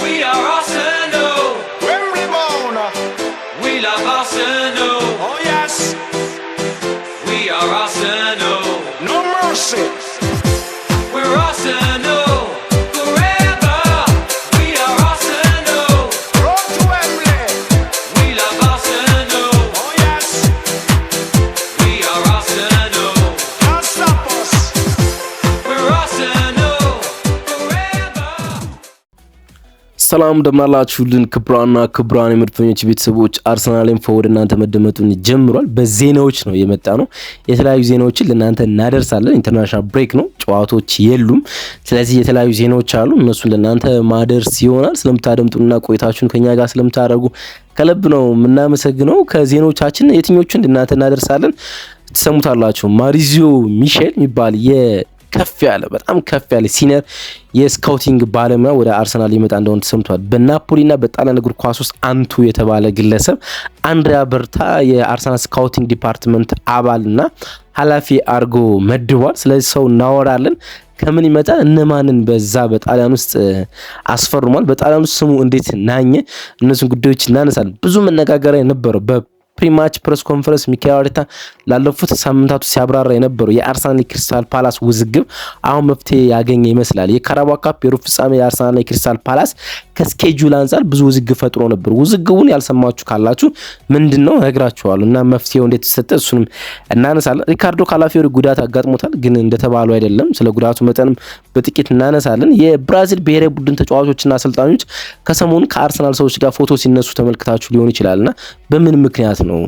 We are. ሰላም እንደምናላችሁልን ክብራና ክብራን የመድፈኞች ቤተሰቦች አርሰናል ኢንፎ እናንተ መደመጡን ጀምሯል። በዜናዎች ነው የመጣ ነው። የተለያዩ ዜናዎችን ለእናንተ እናደርሳለን። ኢንተርናሽናል ብሬክ ነው፣ ጨዋቶች የሉም። ስለዚህ የተለያዩ ዜናዎች አሉ፣ እነሱን ለእናንተ ማደርስ ይሆናል። ስለምታደምጡና ቆይታችሁን ከኛ ጋር ስለምታደርጉ ከልብ ነው የምናመሰግነው። ከዜናዎቻችን የትኞቹን ለእናንተ እናደርሳለን ትሰሙታላችሁ። ማሪዚዮ ሚሼል የሚባል ከፍ ያለ በጣም ከፍ ያለ ሲነር የስካውቲንግ ባለሙያ ወደ አርሰናል ይመጣ እንደሆነ ተሰምቷል። በናፖሊና በጣሊያን እግር ኳስ ውስጥ አንቱ የተባለ ግለሰብ አንድሪያ በርታ የአርሰናል ስካውቲንግ ዲፓርትመንት አባልና ኃላፊ አድርጎ መድቧል። ስለዚህ ሰው እናወራለን። ከምን ይመጣል? እነማንን በዛ በጣሊያን ውስጥ አስፈርሟል? በጣሊያን ውስጥ ስሙ እንዴት ናኘ? እነሱን ጉዳዮች እናነሳለን። ብዙ መነጋገሪያ ነበረው ፕሪማች ፕሬስ ኮንፈረንስ ሚካኤል አርቴታ ላለፉት ሳምንታቱ ሲያብራራ የነበረው የአርሰናል ክሪስታል ፓላስ ውዝግብ አሁን መፍትሄ ያገኘ ይመስላል። የካራባ ካፕ የሩብ ፍጻሜ የአርሰናል ክሪስታል ፓላስ ከስኬጁል አንጻር ብዙ ውዝግብ ፈጥሮ ነበር። ውዝግቡን ያልሰማችሁ ካላችሁ ምንድን ነው እና መፍትሄው እንዴት ተሰጠ እሱንም እናነሳለን። ሪካርዶ ካላፊዮሪ ጉዳት አጋጥሞታል፣ ግን እንደተባለው አይደለም። ስለ ጉዳቱ መጠንም በጥቂት እናነሳለን። የብራዚል ብሔራዊ ቡድን ተጫዋቾችና አሰልጣኞች ከሰሞኑ ከአርሰናል ሰዎች ጋር ፎቶ ሲነሱ ተመልክታችሁ ሊሆን ይችላልና በምን ምክንያት ነው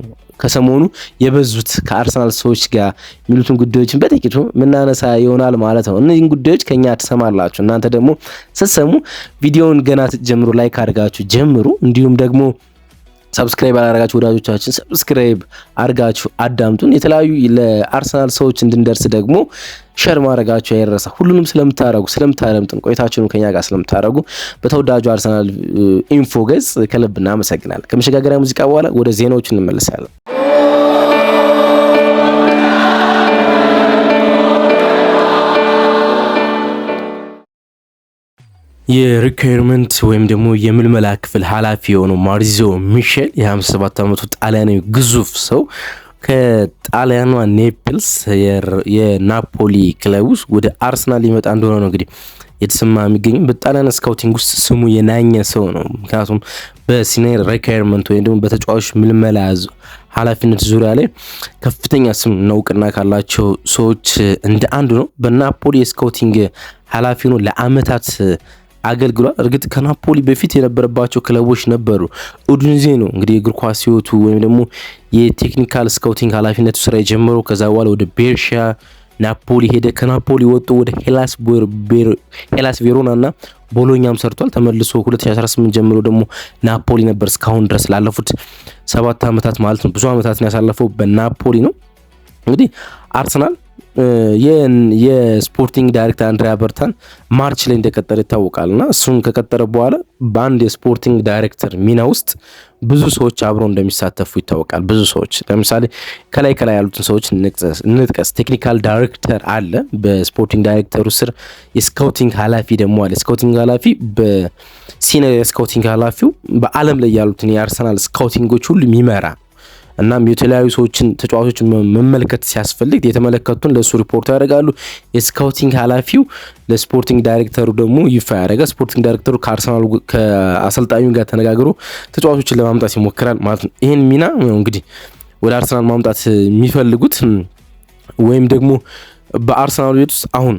ከሰሞኑ የበዙት ከአርሰናል ሰዎች ጋር የሚሉትን ጉዳዮችን በጥቂቱ ምናነሳ ይሆናል ማለት ነው። እነዚህን ጉዳዮች ከኛ ትሰማላችሁ። እናንተ ደግሞ ስትሰሙ ቪዲዮውን ገና ስትጀምሩ ላይክ አድርጋችሁ ጀምሩ። እንዲሁም ደግሞ ሰብስክራይብ አላረጋችሁ ወዳጆቻችን ሰብስክራይብ አርጋችሁ አዳምጡን። የተለያዩ ለአርሰናል ሰዎች እንድንደርስ ደግሞ ሸር ማድረጋችሁ አይረሳ። ሁሉንም ስለምታረጉ ስለምታደምጡን፣ ቆይታችሁን ከኛ ጋር ስለምታረጉ በተወዳጁ አርሰናል ኢንፎ ገጽ ከልብ እናመሰግናለን። ከመሸጋገሪያ ሙዚቃ በኋላ ወደ ዜናዎች እንመለሳለን። የሪኳየርመንት ወይም ደግሞ የምልመላ ክፍል ኃላፊ የሆነው ማሪዞ ሚሼል የ57 ዓመቱ ጣሊያናዊ ግዙፍ ሰው ከጣሊያኗ ኔፕልስ የናፖሊ ክለብ ውስጥ ወደ አርሰናል ሊመጣ እንደሆነ ነው እንግዲህ የተሰማ የሚገኝ በጣሊያን ስካውቲንግ ውስጥ ስሙ የናኘ ሰው ነው። ምክንያቱም በሲኒየር ሪኳየርመንት ወይም ደግሞ በተጫዋች ምልመላ ኃላፊነት ዙሪያ ላይ ከፍተኛ ስም እውቅና ካላቸው ሰዎች እንደ አንዱ ነው። በናፖሊ የስካውቲንግ ኃላፊ ነው ለአመታት አገልግሏል። እርግጥ ከናፖሊ በፊት የነበረባቸው ክለቦች ነበሩ። ኡዲኔዜ ነው እንግዲህ የእግር ኳስ ህይወቱ ወይም ደግሞ የቴክኒካል ስካውቲንግ ኃላፊነቱ ስራ የጀመረው። ከዛ በኋላ ወደ ቤርሻ ናፖሊ ሄደ። ከናፖሊ ወጡ ወደ ሄላስ ቬሮና እና ቦሎኛም ሰርቷል። ተመልሶ 2018 ጀምሮ ደግሞ ናፖሊ ነበር እስካሁን ድረስ ላለፉት ሰባት ዓመታት ማለት ነው ብዙ ዓመታትን ያሳለፈው በናፖሊ ነው። እንግዲህ አርሰናል የስፖርቲንግ ዳይሬክተር አንድሪያ በርታን ማርች ላይ እንደቀጠረ ይታወቃል እና እሱን ከቀጠረ በኋላ በአንድ የስፖርቲንግ ዳይሬክተር ሚና ውስጥ ብዙ ሰዎች አብረው እንደሚሳተፉ ይታወቃል። ብዙ ሰዎች ለምሳሌ ከላይ ከላይ ያሉትን ሰዎች እንጥቀስ። ቴክኒካል ዳይሬክተር አለ። በስፖርቲንግ ዳይሬክተሩ ስር የስካውቲንግ ኃላፊ ደግሞ አለ። ስካውቲንግ ኃላፊ በሲኒየር የስካውቲንግ ኃላፊው በዓለም ላይ ያሉትን የአርሰናል ስካውቲንጎች ሁሉ የሚመራ እናም የተለያዩ ሰዎችን ተጫዋቾችን መመልከት ሲያስፈልግ የተመለከቱን ለእሱ ሪፖርት ያደርጋሉ። የስካውቲንግ ኃላፊው ለስፖርቲንግ ዳይሬክተሩ ደግሞ ይፋ ያደረገ ስፖርቲንግ ዳይሬክተሩ ከአርሰናሉ ከአሰልጣኙ ጋር ተነጋግሮ ተጫዋቾችን ለማምጣት ይሞክራል ማለት ነው። ይህን ሚና እንግዲህ ወደ አርሰናል ማምጣት የሚፈልጉት ወይም ደግሞ በአርሰናሉ ቤት ውስጥ አሁን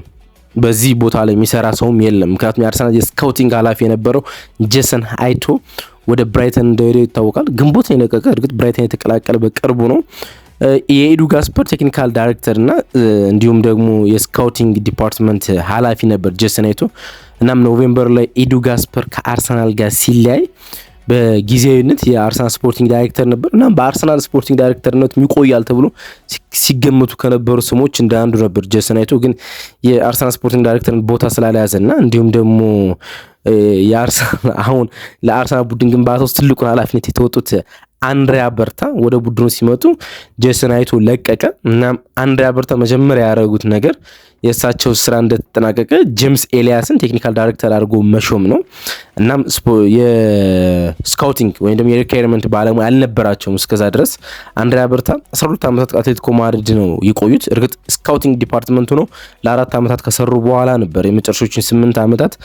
በዚህ ቦታ ላይ የሚሰራ ሰውም የለም። ምክንያቱም የአርሰናል የስካውቲንግ ኃላፊ የነበረው ጄሰን አይቶ ወደ ብራይተን እንደሄደ ይታወቃል። ግንቦት ነው የለቀቀ። እርግጥ ብራይተን የተቀላቀለ በቅርቡ ነው። የኤዱ ጋስፐር ቴክኒካል ዳይሬክተር እና እንዲሁም ደግሞ የስካውቲንግ ዲፓርትመንት ኃላፊ ነበር ጀሰን አይቶ። እናም ኖቬምበር ላይ ኤዱ ጋስፐር ከአርሰናል ጋር ሲለያይ በጊዜያዊነት የአርሰናል ስፖርቲንግ ዳይሬክተር ነበር። እናም በአርሰናል ስፖርቲንግ ዳይሬክተርነት ይቆያል ተብሎ ሲገመቱ ከነበሩ ስሞች እንደ አንዱ ነበር ጄሰን አይቶ። ግን የአርሰናል ስፖርቲንግ ዳይሬክተር ቦታ እና እንዲሁም ደግሞ አሁን ለአርሰናል ቡድን ግንባታ ውስጥ ትልቁን ኃላፊነት የተወጡት አንድሪያ በርታ ወደ ቡድኑ ሲመጡ ጄሰን አይቶ ለቀቀ። እና አንድሪያ በርታ መጀመሪያ ያደረጉት ነገር የእሳቸው ስራ እንደተጠናቀቀ ጄምስ ኤልያስን ቴክኒካል ዳይሬክተር አድርጎ መሾም ነው። እናም የስካውቲንግ ወይም ደግሞ የሪኳርመንት ባለሙያ አልነበራቸውም እስከዛ ድረስ። አንድሪያ በርታ 12 ዓመታት ከአትሌቲኮ ማድሪድ ነው የቆዩት። እርግጥ ስካውቲንግ ዲፓርትመንቱ ነው ለአራት ዓመታት ከሰሩ በኋላ ነበር የመጨረሻዎችን ስምንት ዓመታት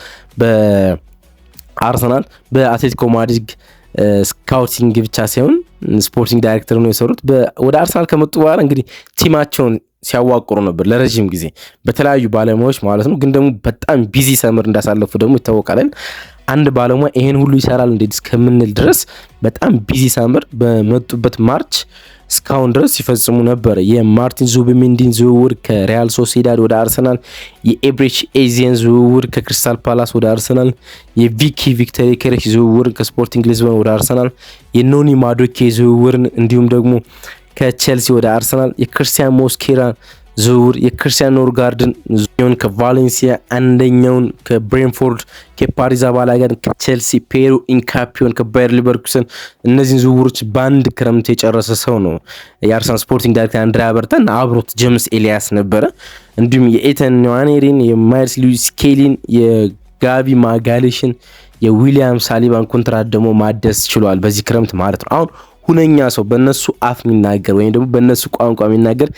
በአርሰናል በአትሌቲኮ ማድሪድ ስካውቲንግ ብቻ ሳይሆን ስፖርቲንግ ዳይሬክተር ነው የሰሩት። ወደ አርሰናል ከመጡ በኋላ እንግዲህ ቲማቸውን ሲያዋቅሩ ነበር ለረዥም ጊዜ በተለያዩ ባለሙያዎች ማለት ነው። ግን ደግሞ በጣም ቢዚ ሰምር እንዳሳለፉ ደግሞ ይታወቃል። አንድ ባለሙያ ይሄን ሁሉ ይሰራል እንዴት እስከምንል ድረስ በጣም ቢዚ ሳምር በመጡበት ማርች እስካሁን ድረስ ሲፈጽሙ ነበር። የማርቲን ዙብሚንዲን ዝውውር ከሪያል ሶሲዳድ ወደ አርሰናል፣ የኤብሬች ኤዚየን ዝውውር ከክሪስታል ፓላስ ወደ አርሰናል፣ የቪኪ ቪክተሪ ከሬሽ ዝውውር ከስፖርቲንግ ሊዝበን ወደ አርሰናል፣ የኖኒ ማዶኬ ዝውውርን እንዲሁም ደግሞ ከቼልሲ ወደ አርሰናል የክርስቲያን ሞስኬራን ዝውውር የክርስቲያን ኖርጋርድን ዙኛውን ከቫሌንሲያ አንደኛውን ከብሬንፎርድ ከፓሪዝ አባላጋን ጋር ከቼልሲ ፔሩ ኢንካፒዮን ከባየር ሊቨርኩሰን እነዚህን ዝውውሮች በአንድ ክረምት የጨረሰ ሰው ነው። የአርሰናል ስፖርቲንግ ዳይሬክተር አንድሪያ በርታን አብሮት ጀምስ ኤልያስ ነበረ። እንዲሁም የኤተን ዋኔሪን፣ የማይልስ ሉዊስ ስኬሊን፣ የጋቢ ማጋሌሽን፣ የዊሊያም ሳሊባን ኮንትራት ደግሞ ማደስ ችሏል በዚህ ክረምት ማለት ነው። አሁን ሁነኛ ሰው በእነሱ አፍ የሚናገር ወይም ደግሞ በእነሱ ቋንቋ የሚናገር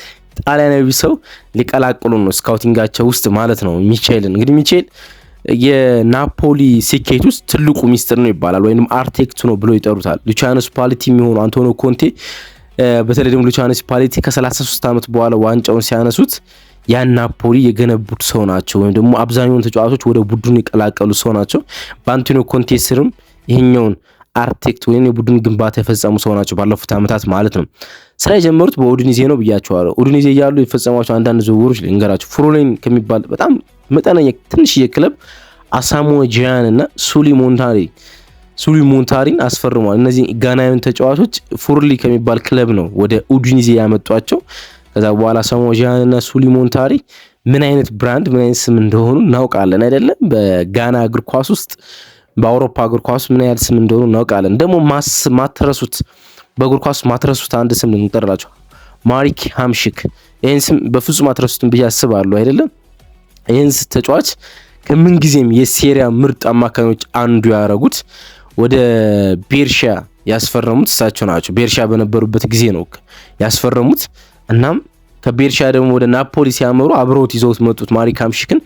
ጣሊያናዊ ሰው ሊቀላቅሉ ነው ስካውቲንጋቸው ውስጥ ማለት ነው። ሚቼልን እንግዲህ ሚቼል የናፖሊ ስኬት ውስጥ ትልቁ ሚስጥር ነው ይባላል፣ ወይም አርቴክቱ ነው ብሎ ይጠሩታል። ሉቺያኖ ስፓሌቲ የሚሆኑ አንቶኒዮ ኮንቴ በተለይ ደግሞ ሉቺያኖ ስፓሌቲ ከ33 ዓመት በኋላ ዋንጫውን ሲያነሱት ያን ናፖሊ የገነቡት ሰው ናቸው፣ ወይም ደግሞ አብዛኛውን ተጫዋቾች ወደ ቡድኑ የቀላቀሉ ሰው ናቸው። በአንቶኒዮ ኮንቴ ስርም ይሄኛውን አርቴክት ወይም የቡድን ግንባታ የፈጸሙ ሰው ናቸው። ባለፉት ዓመታት ማለት ነው። ስራ የጀመሩት በኡድኒዜ ነው ብያቸዋለሁ። ኡድኒዜ እያሉ የፈጸሟቸው አንዳንድ ዝውውሮች ልንገራቸው። ፍሮሌን ከሚባል በጣም መጠነኛ ትንሽዬ ክለብ አሳሞ ጂያን እና ሱሊ ሞንታሪ ሱሊ ሞንታሪን አስፈርሟል። እነዚህ ጋናዊን ተጫዋቾች ፉርሊ ከሚባል ክለብ ነው ወደ ኡዲኒዜ ያመጧቸው። ከዛ በኋላ አሳሞ ጂያን እና ሱሊ ሞንታሪ ምን አይነት ብራንድ ምን አይነት ስም እንደሆኑ እናውቃለን አይደለም በጋና እግር ኳስ ውስጥ በአውሮፓ እግር ኳስ ምን ያህል ስም እንደሆኑ እናውቃለን። ደግሞ ማትረሱት በእግር ኳስ ማትረሱት አንድ ስም ልንጠራላቸው ማሪክ ሃምሽክ። ይህን ስም በፍጹም አትረሱትም ብዬ አስባለሁ። አይደለም ይህን ተጫዋች ከምን ጊዜም የሴሪያ ምርጥ አማካኞች አንዱ ያደረጉት ወደ ቤርሻ ያስፈረሙት እሳቸው ናቸው። ቤርሻ በነበሩበት ጊዜ ነው ያስፈረሙት። እናም ከቤርሻ ደግሞ ወደ ናፖሊ ሲያመሩ አብረውት ይዘውት መጡት ማሪ ካምሽክን።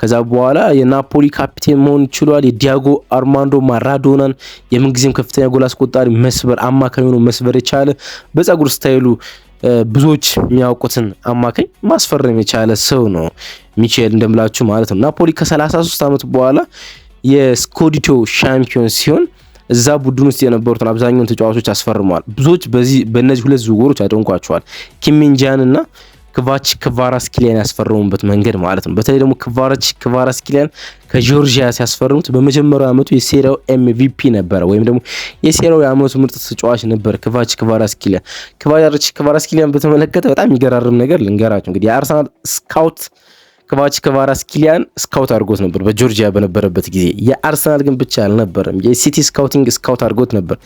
ከዛ በኋላ የናፖሊ ካፒቴን መሆን ችሏል። የዲያጎ አርማንዶ ማራዶናን የምንጊዜም ከፍተኛ ጎል አስቆጣሪ መስበር አማካኝ ሆኖ መስበር የቻለ በጸጉር ስታይሉ ብዙዎች የሚያውቁትን አማካኝ ማስፈረም የቻለ ሰው ነው ሚቼል እንደምላችሁ ማለት ነው። ናፖሊ ከ33 ዓመት በኋላ የስኮዲቶ ሻምፒዮን ሲሆን እዛ ቡድን ውስጥ የነበሩትን አብዛኛውን ተጫዋቾች አስፈርመዋል። ብዙዎች በዚህ በእነዚህ ሁለት ዝውውሮች ያደንቋቸዋል። ኪሚንጃን እና ክቫች ክቫራስ ኪሊያን ያስፈረሙበት መንገድ ማለት ነው። በተለይ ደግሞ ክቫራች ክቫራስ ኪሊያን ከጆርጂያ ሲያስፈርሙት በመጀመሪያው ዓመቱ የሴሪያው ኤምቪፒ ነበረ፣ ወይም ደግሞ የሴሪያው የዓመቱ ምርጥ ተጫዋች ነበር ክቫች ክቫራስ ኪሊያን። ክቫች ክቫራስ ኪሊያን በተመለከተ በጣም የሚገራርም ነገር ልንገራቸው እንግዲህ የአርሰናል ስካውት ከቫች ከቫራስ ኪሊያን ስካውት አድርጎት ነበር በጆርጂያ በነበረበት ጊዜ። የአርሰናል ግን ብቻ አልነበረም፣ የሲቲ ስካውቲንግ ስካውት አድርጎት ነበር።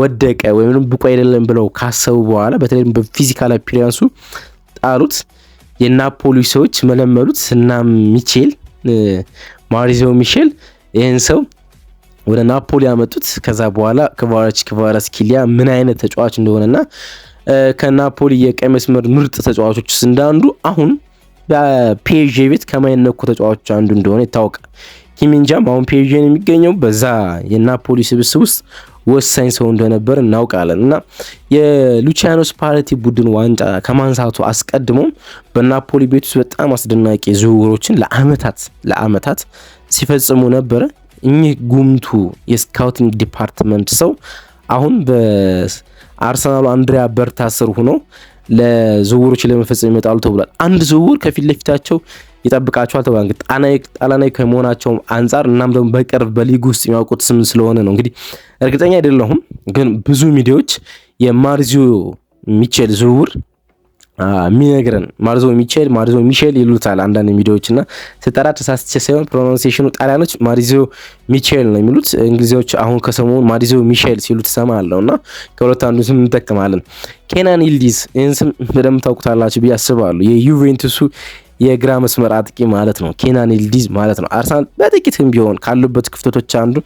ወደቀ ወይም ብቁ አይደለም ብለው ካሰቡ በኋላ በተለይም በፊዚካል አፒሪያንሱ ጣሉት። የናፖሊ ሰዎች መለመሉት እና ሚቼል ማሪዞ ሚሼል ይህን ሰው ወደ ናፖሊ ያመጡት። ከዛ በኋላ ክቫራች ክቫራስ ኪሊያ ምን አይነት ተጫዋች እንደሆነና ከናፖሊ የቀይ መስመር ምርጥ ተጫዋቾች ውስጥ እንዳንዱ አሁን በፒኤስጂ ቤት ከማይነኩ ተጫዋቾች አንዱ እንደሆነ ይታወቃል። ኪሚንጃም አሁን ፒኤስጂን የሚገኘው በዛ የናፖሊ ስብስብ ውስጥ ወሳኝ ሰው እንደነበር እናውቃለን እና የሉቺያኖ ስፓሌቲ ቡድን ዋንጫ ከማንሳቱ አስቀድሞ በናፖሊ ቤት ውስጥ በጣም አስደናቂ ዝውውሮችን ለአመታት ለአመታት ሲፈጽሙ ነበረ። እኚህ ጉምቱ የስካውቲንግ ዲፓርትመንት ሰው አሁን በአርሰናሉ አንድሪያ በርታ ስር ሆኖ ለዝውውሮች ለመፈጸም ይመጣሉ ተብሏል። አንድ ዝውውር ከፊት ለፊታቸው ይጠብቃቸዋል ተብሏል። እንግዲህ ጣሊያናዊ ከመሆናቸው አንጻር እናም ደግሞ በቅርብ በሊግ ውስጥ የሚያውቁት ስም ስለሆነ ነው። እንግዲህ እርግጠኛ አይደለሁም፣ ግን ብዙ ሚዲያዎች የማርዚዮ ሚቼል ዝውውር የሚነግረን ማርዞ ሚቼል ማርዞ ሚሼል ይሉታል አንዳንድ ሚዲያዎች እና ስጠራ ተሳስቼ ሳይሆን ፕሮናንሴሽኑ ጣሊያኖች ማሪዞ ሚቼል ነው የሚሉት። እንግሊዞች አሁን ከሰሞኑ ማሪዞ ሚሼል ሲሉ ትሰማ አለው እና ከሁለት አንዱ ስም እንጠቀማለን። ኬናን ይልዲዝ ይህን ስም በደንብ ታውቁታላችሁ ብዬ አስባሉ የዩቬንቱሱ የግራ መስመር አጥቂ ማለት ነው። ኬናን ይልዲዝ ማለት ነው። አርሰናል በጥቂትም ቢሆን ካሉበት ክፍተቶች አንዱ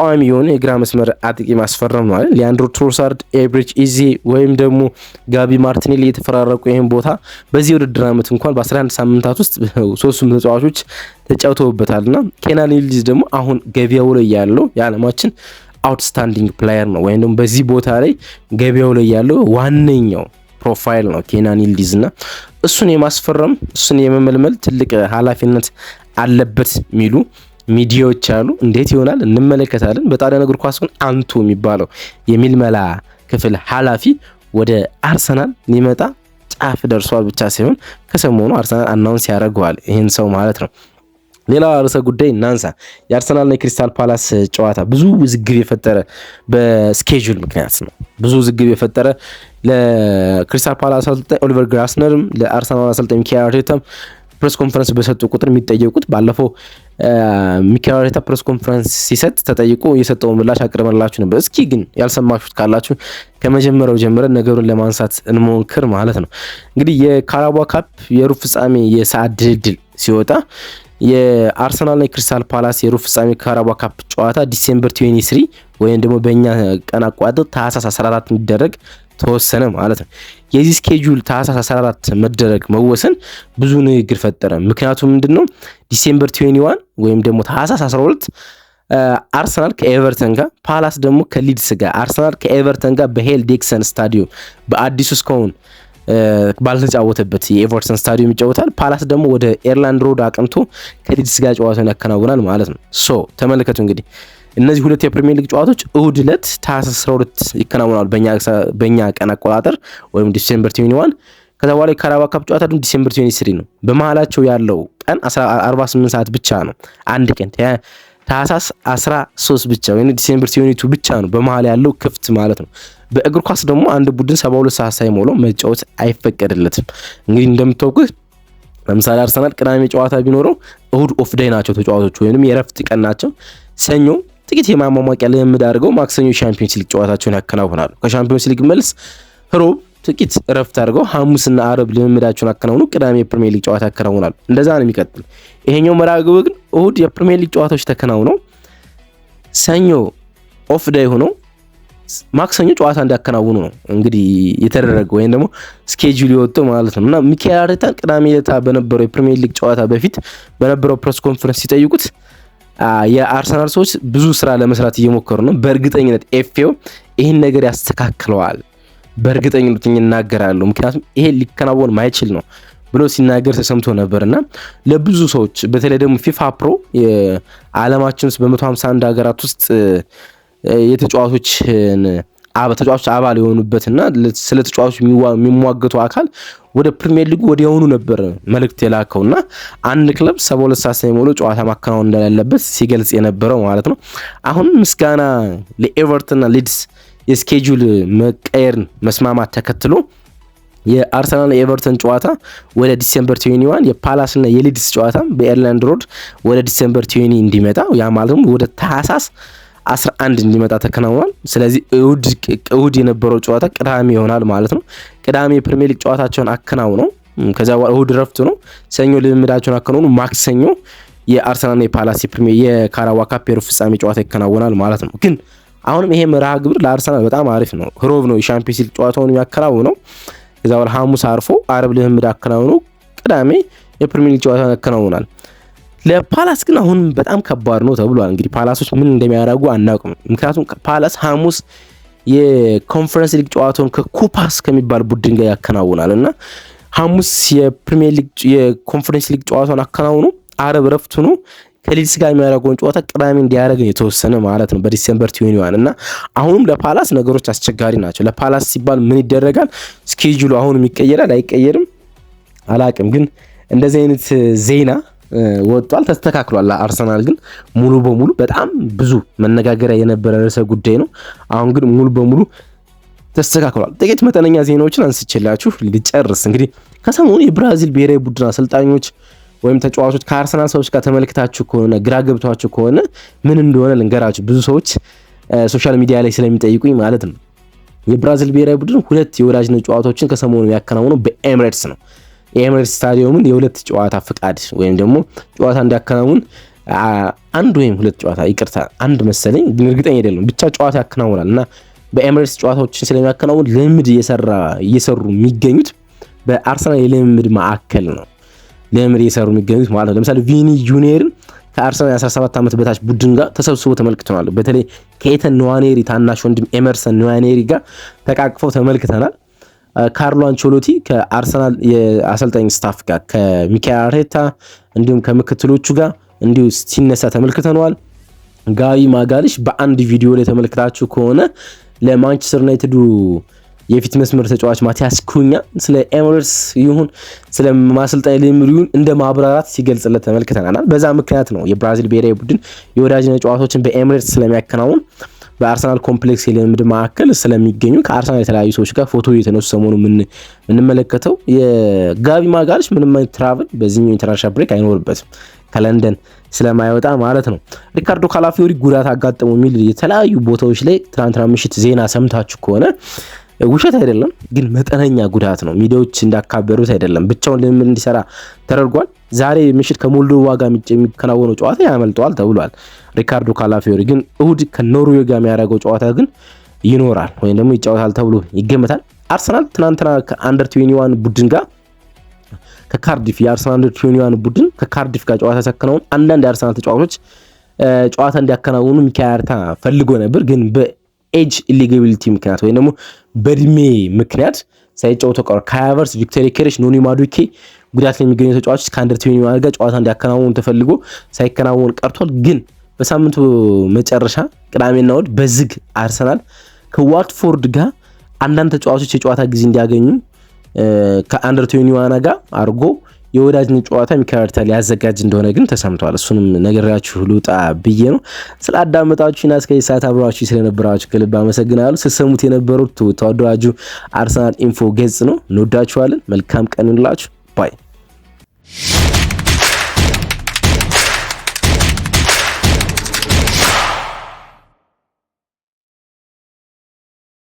ቋሚ የሆነ የግራ መስመር አጥቂ ማስፈረም ነው አይደል? ሊያንድሮ ትሮሳርድ፣ ኤብሪች ኢዜ ወይም ደግሞ ጋቢ ማርቲኔሊ የተፈራረቁ ይህን ቦታ በዚህ የውድድር ዓመት እንኳን በ11 ሳምንታት ውስጥ ሶስቱም ተጫዋቾች ተጫውተውበታል እና ኬናን ይልዲዝ ደግሞ አሁን ገቢያው ላይ ያለው የዓለማችን አውትስታንዲንግ ፕላየር ነው ወይም ደግሞ በዚህ ቦታ ላይ ገቢያው ላይ ያለው ዋነኛው ፕሮፋይል ነው ኬናን ይልዲዝ እና እሱን የማስፈረም እሱን የመመልመል ትልቅ ኃላፊነት አለበት የሚሉ ሚዲያዎች አሉ። እንዴት ይሆናል እንመለከታለን። በጣሊያን እግር ኳስ ግን አንቱ የሚባለው የሚልመላ ክፍል ኃላፊ ወደ አርሰናል ሊመጣ ጫፍ ደርሷል ብቻ ሲሆን ከሰሞኑ አርሰናል አናውንስ ያደርገዋል ይህን ሰው ማለት ነው። ሌላ ርዕሰ ጉዳይ እናንሳ። የአርሰናልና የክሪስታል ፓላስ ጨዋታ ብዙ ውዝግብ የፈጠረ በስኬጁል ምክንያት ነው። ብዙ ውዝግብ የፈጠረ ለክሪስታል ፓላስ አሰልጣኝ ኦሊቨር ግራስነርም ለአርሰናል አሰልጣኝ ሚኬል አርቴታም ፕሬስ ኮንፈረንስ በሰጡ ቁጥር የሚጠየቁት ባለፈው ሚኬል አርቴታ ፕሬስ ኮንፈረንስ ሲሰጥ ተጠይቆ የሰጠው ምላሽ አቅርበላችሁ ነበር። እስኪ ግን ያልሰማችሁት ካላችሁ ከመጀመሪያው ጀምረን ነገሩን ለማንሳት እንሞክር ማለት ነው። እንግዲህ የካራባ ካፕ የሩብ ፍጻሜ የሰዓት ድልድል ሲወጣ የአርሰናልና የክሪስታል ፓላስ የሩብ ፍጻሜ ካራባ ካፕ ጨዋታ ዲሴምበር 23 ወይም ደግሞ በእኛ ቀን አቋጥር ታህሳስ 14 እንዲደረግ ተወሰነ ማለት ነው። የዚህ ስኬጁል ታህሳስ 14 መደረግ መወሰን ብዙ ንግግር ፈጠረ። ምክንያቱም ምንድን ነው ዲሴምበር 21 ወይም ደግሞ ታህሳስ 12 አርሰናል ከኤቨርተን ጋር፣ ፓላስ ደግሞ ከሊድስ ጋር፣ አርሰናል ከኤቨርተን ጋር በሄል ዴክሰን ስታዲየም በአዲሱ እስካሁን ባልተጫወተበት የኤቨርተን ስታዲየም ይጫወታል። ፓላስ ደግሞ ወደ ኤርላንድ ሮድ አቅንቶ ከሊድስ ጋር ጨዋታውን ያከናውናል ማለት ነው። ሶ ተመልከቱ እንግዲህ እነዚህ ሁለት የፕሪሚየር ሊግ ጨዋታዎች እሁድ ዕለት ታህሳስ 12 ይከናወናሉ በእኛ ቀን አቆጣጠር ወይም ዲሴምበር 21 ከዛ በኋላ የካራባ ካፕ ጨዋታ ደግሞ ዲሴምበር 23 ነው። በመሃላቸው ያለው ቀን 48 ሰዓት ብቻ ነው። አንድ ቀን ታህሳስ 13 ብቻ ወይም ዲሴምበር 22 ብቻ ነው በመሀል ያለው ክፍት ማለት ነው። በእግር ኳስ ደግሞ አንድ ቡድን 72 ሰዓት ሳይሞላው መጫወት አይፈቀድለትም። እንግዲህ እንደምታውቁት ለምሳሌ አርሰናል ቅዳሜ ጨዋታ ቢኖረው እሁድ ኦፍ ዳይ ናቸው ተጫዋቾች ወይም የረፍት ቀን ናቸው። ሰኞ ጥቂት የማሟሟቂያ ልምምድ አድርገው ማክሰኞ ሻምፒዮንስ ሊግ ጨዋታቸውን ያከናውናሉ። ከሻምፒዮንስ ሊግ መልስ ሮብ ጥቂት እረፍት አድርገው ሐሙስና አረብ ልምምዳቸውን አከናውኑ። ቅዳሜ የፕሪሚየር ሊግ ጨዋታ ያከናውናሉ። እንደዛ ነው የሚቀጥል። ይሄኛው መርሃ ግብር ግን እሁድ የፕሪሚየር ሊግ ጨዋታዎች ተከናውነው ሰኞ ኦፍ ዳይ ሆነው ማክሰኞ ጨዋታ እንዲያከናውኑ ነው እንግዲህ የተደረገ ወይም ደግሞ ስኬጁል የወጡ ማለት ነው። እና ሚካኤል አርቴታ ቅዳሜ ዕለት በነበረው የፕሪሚየር ሊግ ጨዋታ በፊት በነበረው ፕሬስ ኮንፈረንስ ሲጠይቁት የአርሰናል ሰዎች ብዙ ስራ ለመስራት እየሞከሩ ነው፣ በእርግጠኝነት ኤፍኤው ይህን ነገር ያስተካክለዋል፣ በእርግጠኝነት ይናገራሉ፣ ምክንያቱም ይሄ ሊከናወን ማይችል ነው ብሎ ሲናገር ተሰምቶ ነበር እና ለብዙ ሰዎች በተለይ ደግሞ ፊፋ ፕሮ ዓለማችን ውስጥ በ151 ሀገራት ውስጥ የተጫዋቾችን ተጫዋቾች አባል የሆኑበትና ስለ ተጫዋቾች የሚሟገቱ አካል ወደ ፕሪሚየር ሊጉ የሆኑ ነበር መልእክት የላከውና አንድ ክለብ ሰባ ሁለት ሰዓት ሳይሞሉ ጨዋታ ማከናወን እንደሌለበት ሲገልጽ የነበረው ማለት ነው። አሁን ምስጋና ለኤቨርተንና ሊድስ የስኬጁል መቀየርን መስማማት ተከትሎ የአርሰናል ኤቨርተን ጨዋታ ወደ ዲሴምበር ትዌኒ ዋን የፓላስና የሊድስ ጨዋታ በኤርላንድ ሮድ ወደ ዲሴምበር ትዌኒ እንዲመጣ ያ ማለትም ወደ ታህሳስ 11 እንዲመጣ ተከናውኗል። ስለዚህ እሁድ የነበረው ጨዋታ ቅዳሜ ይሆናል ማለት ነው። ቅዳሜ የፕሪሚየር ሊግ ጨዋታቸውን አከናውነው ከዚያ በኋላ እሁድ ረፍት ነው። ሰኞ ልምምዳቸውን አከናውኑ። ማክሰኞ የአርሰናልና የፓላስ ፕሪሚየር የካራዋ ካፕ የሩብ ፍጻሜ ጨዋታ ይከናወናል ማለት ነው። ግን አሁንም ይሄ መርሃ ግብር ለአርሰናል በጣም አሪፍ ነው። ሮብ ነው የሻምፒዮንስ ሊግ ጨዋታውን የሚያከናውነው። ከዚያ በኋላ ሐሙስ አርፎ አርብ ልምምድ አከናውኑ። ቅዳሜ የፕሪሚየር ሊግ ጨዋታውን ያከናውናል። ለፓላስ ግን አሁን በጣም ከባድ ነው ተብሏል። እንግዲህ ፓላሶች ምን እንደሚያደርጉ አናውቅም። ምክንያቱም ፓላስ ሐሙስ የኮንፈረንስ ሊግ ጨዋታውን ከኩፓስ ከሚባል ቡድን ጋር ያከናውናል እና ሐሙስ የፕሪሚየር ሊግ የኮንፈረንስ ሊግ ጨዋታውን አከናውኑ፣ አረብ ረፍት ሆኖ ከሊድስ ጋር የሚያደርገውን ጨዋታ ቅዳሜ እንዲያደርግ የተወሰነ ማለት ነው በዲሴምበር ትዌኒዋን እና አሁንም ለፓላስ ነገሮች አስቸጋሪ ናቸው። ለፓላስ ሲባል ምን ይደረጋል? ስኬጁሉ አሁንም ይቀየራል አይቀየርም አላቅም። ግን እንደዚህ አይነት ዜና ወጥቷል፣ ተስተካክሏል። አርሰናል ግን ሙሉ በሙሉ በጣም ብዙ መነጋገሪያ የነበረ ርዕሰ ጉዳይ ነው። አሁን ግን ሙሉ በሙሉ ተስተካክሏል። ጥቂት መጠነኛ ዜናዎችን አንስቼላችሁ ልጨርስ። እንግዲህ ከሰሞኑ የብራዚል ብሔራዊ ቡድን አሰልጣኞች ወይም ተጫዋቾች ከአርሰናል ሰዎች ጋር ተመልክታችሁ ከሆነ ግራ ገብቷችሁ ከሆነ ምን እንደሆነ ልንገራችሁ። ብዙ ሰዎች ሶሻል ሚዲያ ላይ ስለሚጠይቁኝ ማለት ነው። የብራዚል ብሔራዊ ቡድን ሁለት የወዳጅነት ጨዋታዎችን ከሰሞኑ የሚያከናውነው በኤምሬትስ ነው። የኤምሬት ስታዲየምን የሁለት ጨዋታ ፍቃድ ወይም ደግሞ ጨዋታ እንዲያከናውን አንድ ወይም ሁለት ጨዋታ ይቅርታ፣ አንድ መሰለኝ ግን እርግጠኝ አይደለም ብቻ ጨዋታ ያከናውናል እና በኤምሬትስ ጨዋታዎችን ስለሚያከናውን ልምድ እየሰሩ የሚገኙት በአርሰናል የልምድ ማዕከል ነው። ልምድ እየሰሩ የሚገኙት ማለት ነው። ለምሳሌ ቪኒ ጁኒየርን ከአርሰናል የ17 ዓመት በታች ቡድን ጋር ተሰብስቦ ተመልክተናል። በተለይ ከኤተን ነዋኔሪ ታናሽ ወንድም ኤመርሰን ነዋኔሪ ጋር ተቃቅፈው ተመልክተናል። ካርሎ አንቸሎቲ ከአርሰናል የአሰልጣኝ ስታፍ ጋር ከሚካኤል አርቴታ እንዲሁም ከምክትሎቹ ጋር እንዲሁ ሲነሳ ተመልክተነዋል። ጋቢ ማጋልሽ በአንድ ቪዲዮ ላይ ተመልክታችሁ ከሆነ ለማንቸስተር ዩናይትዱ የፊት መስመር ተጫዋች ማቲያስ ኩኛ ስለ ኤምሬትስ ይሁን ስለ ማሰልጣኝ ልምድ ይሁን እንደ ማብራራት ሲገልጽለት ተመልክተናል። በዛ ምክንያት ነው የብራዚል ብሔራዊ ቡድን የወዳጅነት ጨዋታዎችን በኤምሬትስ ስለሚያከናውን በአርሰናል ኮምፕሌክስ የልምድ ማዕከል ስለሚገኙ ከአርሰናል የተለያዩ ሰዎች ጋር ፎቶ የተነሱ ሰሞኑ የምንመለከተው የጋቢ ማጋልሽ ምንም አይነት ትራቭል በዚህኛው ኢንተርናሽናል ብሬክ አይኖርበትም ከለንደን ስለማይወጣ ማለት ነው። ሪካርዶ ካላፊዮሪ ጉዳት አጋጠመው የሚል የተለያዩ ቦታዎች ላይ ትናንትና ምሽት ዜና ሰምታችሁ ከሆነ ውሸት አይደለም፣ ግን መጠነኛ ጉዳት ነው። ሚዲያዎች እንዳካበሩት አይደለም። ብቻውን ልምምድ እንዲሰራ ተደርጓል። ዛሬ ምሽት ከሞልዶቫ ጋር የሚከናወነው ጨዋታ ያመልጠዋል ተብሏል። ሪካርዶ ካላፊዮሪ ግን እሁድ ከኖርዌ ጋር የሚያደርገው ጨዋታ ግን ይኖራል ወይም ደግሞ ይጫወታል ተብሎ ይገመታል። አርሰናል ትናንትና ከአንደር ትዌኒዋን ቡድን ጋር ከካርዲፍ የአርሰናል አንደር ትዌኒዋን ቡድን ከካርዲፍ ጋር ጨዋታ ሰክነውን አንዳንድ የአርሰናል ተጫዋቾች ጨዋታ እንዲያከናውኑ ሚካኤል አርቴታ ፈልጎ ነበር፣ ግን በኤጅ ኢሊጋቢሊቲ ምክንያት ወይም ደግሞ በእድሜ ምክንያት ሳይጫወቱ ቀሩ። ከሀያቨርስ፣ ቪክቶሪ ኬሬሽ፣ ኖኒ ማዱኬ ጉዳት ላይ የሚገኙ ተጫዋቾች ከአንደር ትዌኒዋን ጋር ጨዋታ እንዲያከናውኑ ተፈልጎ ሳይከናወን ቀርቷል ግን በሳምንቱ መጨረሻ ቅዳሜና እሁድ በዝግ አርሰናል ከዋትፎርድ ጋር አንዳንድ ተጫዋቾች የጨዋታ ጊዜ እንዲያገኙ ከአንደር ቶኒዋና ጋር አድርጎ የወዳጅነት ጨዋታ ሚካኤል አርቴታ ሊያዘጋጅ እንደሆነ ግን ተሰምተዋል። እሱንም ነገራችሁ ልውጣ ብዬ ነው። ስለ አዳመጣችሁና እስከ ሰዓት አብራችሁ ስለነበራችሁ ከልብ አመሰግናለሁ። ስትሰሙት የነበሩት ተወዳጁ አርሰናል ኢንፎ ገጽ ነው። እንወዳችኋለን። መልካም ቀን ይሁንላችሁ ባይ